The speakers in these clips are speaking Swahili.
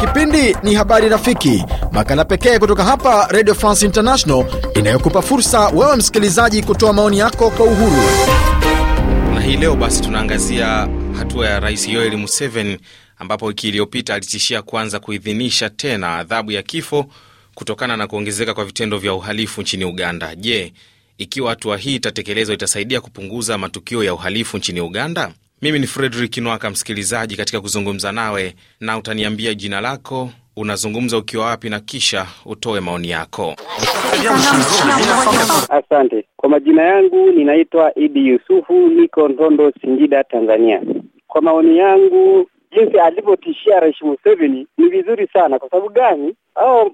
Kipindi ni Habari Rafiki, makala pekee kutoka hapa Radio France International inayokupa fursa wewe msikilizaji kutoa maoni yako kwa uhuru. Na hii leo basi tunaangazia hatua ya Rais Yoweri Museveni ambapo wiki iliyopita alitishia kuanza kuidhinisha tena adhabu ya kifo kutokana na kuongezeka kwa vitendo vya uhalifu nchini Uganda. Je, ikiwa hatua hii itatekelezwa itasaidia kupunguza matukio ya uhalifu nchini Uganda? Mimi ni Fredrik Nwaka, msikilizaji katika kuzungumza nawe, na utaniambia jina lako, unazungumza ukiwa wapi, na kisha utoe maoni yako. Asante kwa majina yangu, ninaitwa Idi Yusufu, niko Ndondo, Singida, Tanzania. Kwa maoni yangu, jinsi alivyotishia Rais Museveni ni vizuri sana. Kwa sababu gani? hao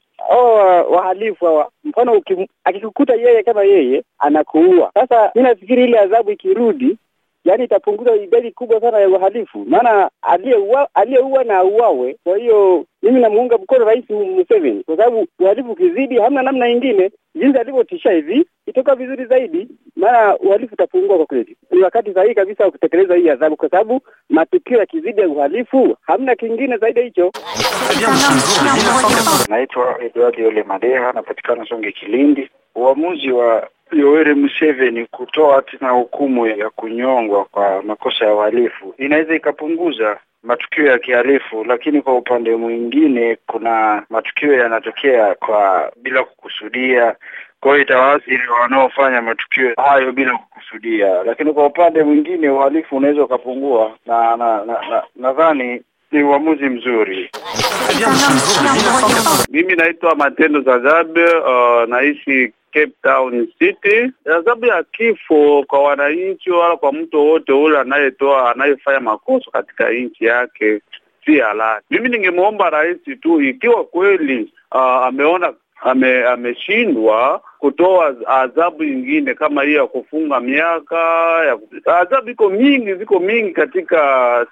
wahalifu hawa, mfano akikukuta yeye kama yeye anakuua. Sasa mi nafikiri ile adhabu ikirudi yani itapunguza idadi kubwa sana ya uhalifu, maana aliyeuwa na auawe. Kwa hiyo mimi namuunga mkono Rais Museveni kwa sababu uhalifu ukizidi, hamna namna ingine jinsi alivyotisha hivi itoka vizuri zaidi, maana uhalifu utapungua. Kwa kweli ni wakati sahihi kabisa wa kutekeleza hii adhabu, kwa sababu matukio yakizidi ya uhalifu, hamna kingine zaidi hicho. Naitwa Edward Ole Madeha, napatikana Songe Kilindi. Uamuzi wa Yoweri Museveni kutoa tena hukumu ya kunyongwa kwa makosa ya uhalifu inaweza ikapunguza matukio ya kihalifu, lakini kwa upande mwingine kuna matukio yanatokea kwa bila kukusudia, kwa hiyo itawaathiri wanaofanya matukio hayo bila kukusudia. Lakini kwa upande mwingine uhalifu unaweza ukapungua, na nadhani na, na, na, ni uamuzi mzuri. Mimi naitwa Matendo Zagabe, uh, naishi Cape Town City. Adhabu ya kifo kwa wananchi wala kwa mtu wowote ule anayetoa anayefanya makosa katika nchi yake si halali. Mimi ningemwomba rais tu, ikiwa kweli uh, ameona ame, ameshindwa kutoa adhabu nyingine kama hiyo ya kufunga miaka ya adhabu iko mingi, ziko mingi katika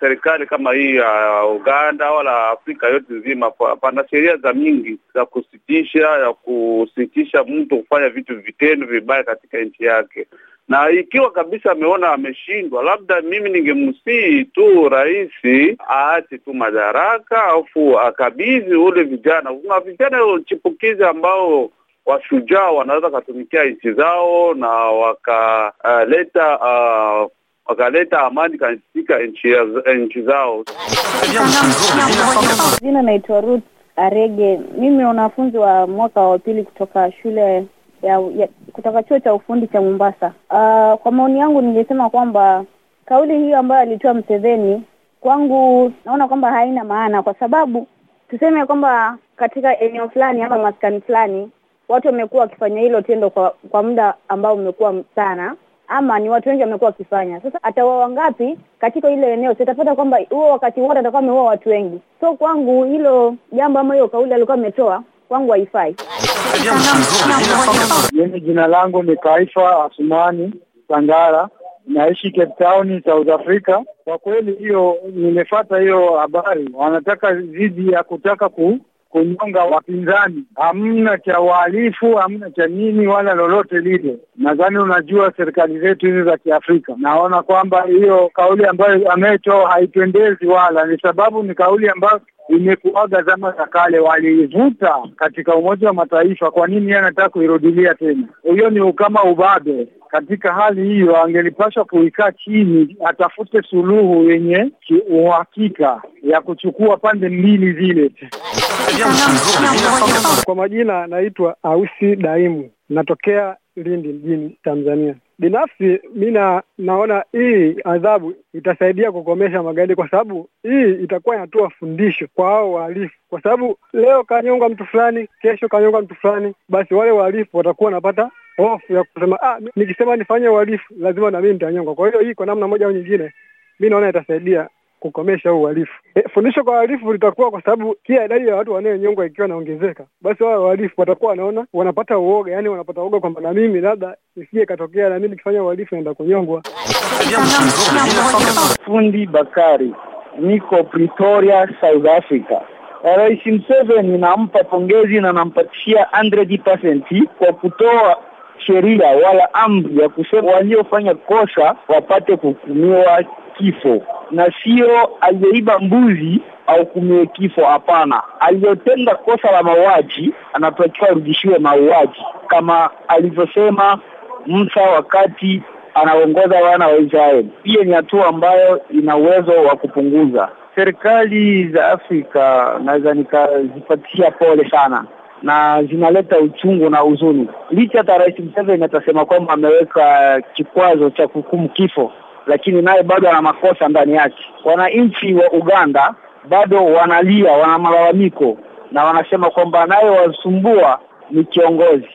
serikali kama hii ya Uganda wala Afrika yote nzima. Pana sheria za mingi za kusitisha ya kusitisha mtu kufanya vitu vitendo vibaya katika nchi yake na ikiwa kabisa ameona ameshindwa, labda mimi ningemsii tu rais aache tu madaraka, afu akabidhi ule vijana. Kuna vijana chipukizi ambao washujaa wanaweza wakatumikia nchi zao na wakaleta uh, uh, wakaleta amani katika nchi zao. Jina naitwa Ruth Arege, mimi ni wanafunzi wa mwaka wa pili kutoka shule ya, ya kutoka chuo cha ufundi cha Mombasa. Uh, kwa maoni yangu ningesema kwamba kauli hiyo ambayo alitoa Mseveni kwangu naona kwamba haina maana, kwa sababu tuseme kwamba katika eneo fulani ama maskani fulani watu wamekuwa wakifanya hilo tendo kwa, kwa muda ambao umekuwa sana ama ni watu wengi wamekuwa wakifanya. Sasa ataua wangapi katika ile eneo? Sitapata kwamba huo wakati wote atakuwa ameua watu wengi. So kwangu hilo jambo ama hiyo kauli alikuwa ametoa kwangu haifai. Mimi jina langu ni kaifa Asumani Sangara, naishi Cape Town, South Africa. Kwa kweli hiyo nimefuata hiyo habari, wanataka dhidi ya kutaka ku kunyonga wapinzani. Hamna cha uhalifu hamna cha nini wala lolote lile. Nadhani unajua serikali zetu hizi za Kiafrika, naona kwamba hiyo kauli ambayo ametoa haipendezi wala ni sababu, ni kauli ambayo imekuaga zama za kale, waliivuta katika Umoja wa Mataifa. Kwa nini yeye anataka kuirudilia tena? Huyo ni ukama ubabe. Katika hali hiyo, angelipaswa kuikaa chini, atafute suluhu yenye uhakika ya kuchukua pande mbili zile. Kwa majina, naitwa Ausi Daimu, natokea Lindi mjini, Tanzania. Binafsi mi naona hii adhabu itasaidia kukomesha magaidi, kwa sababu hii itakuwa inatoa fundisho kwa hao wahalifu, kwa sababu leo kanyonga mtu fulani, kesho kanyonga mtu fulani, basi wale wahalifu watakuwa wanapata hofu ya kusema ah, nikisema nifanye uhalifu lazima na mii nitanyonga. Kwa hiyo hii, kwa namna moja au nyingine, mi naona itasaidia kukomesha huu uhalifu. E, fundisho kwa uhalifu litakuwa kwa sababu kila idadi ya watu wanayonyongwa ikiwa inaongezeka, basi wao uhalifu watakuwa wanaona, wanapata uoga, yani wanapata uoga kwamba na mimi labda isije ikatokea na mimi nikifanya uhalifu naenda kunyongwa. Fundi Bakari, niko Pretoria, South Africa. Rais Museveni nampa pongezi na nampatishia 100% kwa kutoa sheria wala amri ya kusema waliofanya kosa wapate kuhukumiwa kifo na sio aliyeiba mbuzi ahukumiwe kifo. Hapana, aliyotenda kosa la mauaji anatakiwa arudishiwe mauaji, kama alivyosema Musa wakati anaongoza wana wa Israeli. Hiyo ni hatua ambayo ina uwezo wa kupunguza. Serikali za Afrika naweza nikazipatia pole sana na zinaleta uchungu na huzuni. Licha hata Rais Museveni atasema kwamba ameweka kikwazo cha hukumu kifo, lakini naye bado ana makosa ndani yake. Wananchi wa Uganda bado wanalia, wana malalamiko na wanasema kwamba naye wasumbua ni kiongozi.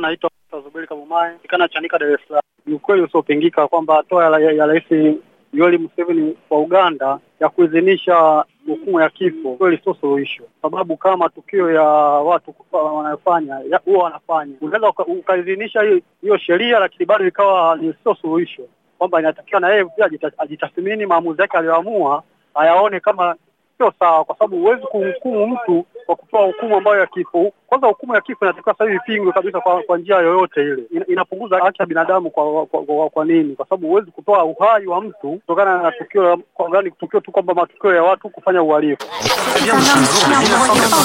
Naitwa Zuberi Kabumai kana Chanika, Dar es Salaam. Ni ukweli usiopingika kwamba hatua ya rais Yoweri Museveni wa Uganda ya kuidhinisha hukumu ya kifo kweli sio suluhisho, sababu kama matukio ya watu wanayofanya huwa wanafanya, unaweza ukaidhinisha hiyo sheria, lakini bado ikawa ni sio suluhisho, kwamba inatakiwa na yeye pia ajitathmini maamuzi yake aliyoamua ayaone kama sio sawa, kwa sababu huwezi kuhukumu mtu kwa kupewa hukumu ambayo ya kifo. Kwanza hukumu ya kifo inatakiwa sasa hivi ipingwe kabisa kwa, kwa njia yoyote ile. In, inapunguza haki ya binadamu kwa kwa, kwa, kwa, kwa nini? Kwa sababu huwezi kutoa uhai wa mtu kutokana na tukio gani, tukio tu kwamba matukio ya watu kufanya uhalifu.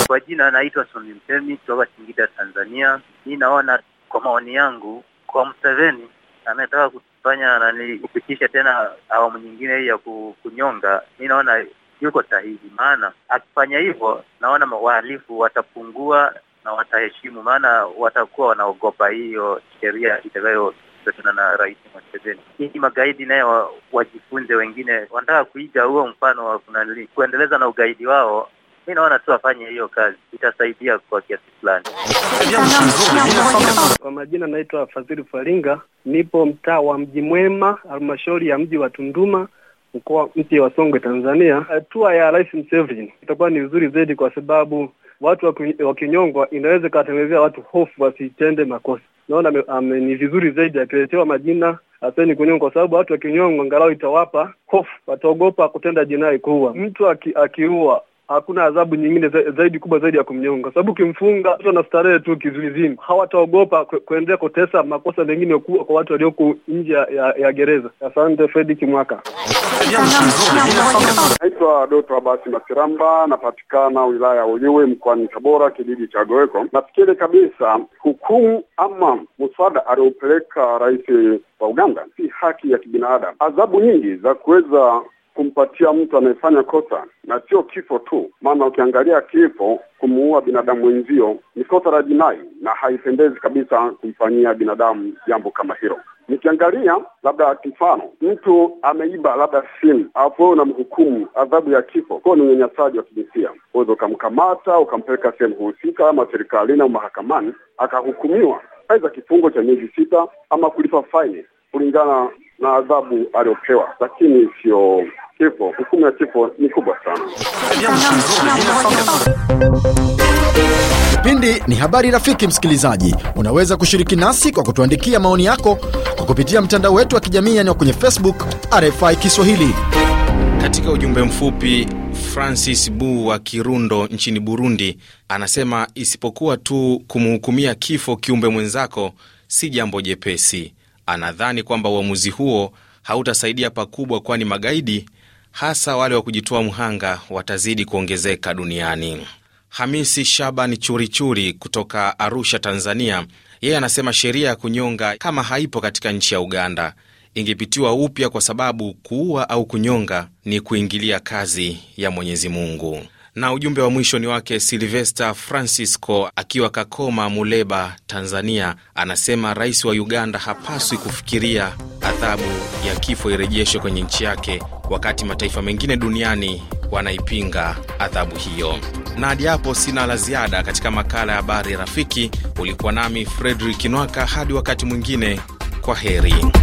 Kwa jina naitwa Soni Mtemi kutoka Singida, Tanzania. Mi naona kwa maoni yangu kwa Mseveni ametaka kufanya nani kupitisha tena awamu nyingine hii ya kunyonga, mi naona yuko sahihi, maana akifanya hivyo, naona wahalifu watapungua na wataheshimu, maana watakuwa wanaogopa hiyo sheria itakayo na rais Museveni. Hii magaidi naye wajifunze wengine, wanataka kuiga huo mfano wa kunali kuendeleza na ugaidi wao. Mi naona tu afanye hiyo kazi, itasaidia kwa kiasi fulani. Kwa majina naitwa Fadhili Faringa, nipo mtaa wa Mji Mwema, halmashauri ya mji wa Tunduma mkoa mpya wa Songwe Tanzania, hatua ya Rais Mseveni itakuwa ni vizuri zaidi, kwa sababu watu wakinyongwa inaweza ikawatengenezea watu hofu wasitende makosa. Naona ni vizuri zaidi akiletewa majina aseni kunyongwa, kwa sababu watu wakinyongwa, angalau itawapa hofu, wataogopa kutenda jinai, kuua mtu. Akiua hakuna adhabu nyingine zaidi kubwa zaidi ya kumnyonga, kwa sababu ukimfunga mtu starehe tu kizuizini, hawataogopa kuendelea kutesa makosa mengine kwa watu walioko nje ya, ya gereza. Asante Fredi Kimwaka. Naitwa Doto Abasi Masiramba, napatikana wilaya ya Uyui mkoani Tabora, kijiji cha Goweko. Nafikiri kabisa hukumu ama mswada aliopeleka rais wa Uganda si haki ya kibinadamu. Adhabu nyingi za kuweza kumpatia mtu anayefanya kosa na sio kifo tu, maana ukiangalia kifo, kumuua binadamu wenzio ni kosa la jinai na haipendezi kabisa kumfanyia binadamu jambo kama hilo. Nikiangalia labda mfano mtu ameiba labda simu, alafu wewe unamhukumu adhabu ya kifo, kuwa ni unyanyasaji wa kijinsia. Uweza ukamkamata ukampeleka sehemu husika, ama serikalini au mahakamani, akahukumiwa aidha kifungo cha miezi sita ama kulipa faini kulingana na adhabu aliyopewa, lakini sio Kifo, hukumu ya kifo ni kubwa sana. Kipindi ni habari. Rafiki msikilizaji, unaweza kushiriki nasi kwa kutuandikia maoni yako kwa kupitia mtandao wetu wa kijamii yani kwenye Facebook RFI Kiswahili. Katika ujumbe mfupi, Francis Bu wa Kirundo nchini Burundi anasema isipokuwa tu kumhukumia kifo kiumbe mwenzako si jambo jepesi. Anadhani kwamba uamuzi huo hautasaidia pakubwa, kwani magaidi hasa wale wa kujitoa mhanga watazidi kuongezeka duniani. Hamisi Shaban Churichuri kutoka Arusha, Tanzania, yeye anasema sheria ya kunyonga kama haipo katika nchi ya Uganda ingepitiwa upya, kwa sababu kuua au kunyonga ni kuingilia kazi ya Mwenyezi Mungu. Na ujumbe wa mwisho ni wake Silvester Francisco akiwa Kakoma, Muleba, Tanzania. Anasema rais wa Uganda hapaswi kufikiria adhabu ya kifo irejeshwe kwenye nchi yake, wakati mataifa mengine duniani wanaipinga adhabu hiyo. Na hadi hapo sina la ziada katika makala ya habari rafiki. Ulikuwa nami Fredrik Nwaka, hadi wakati mwingine, kwa heri.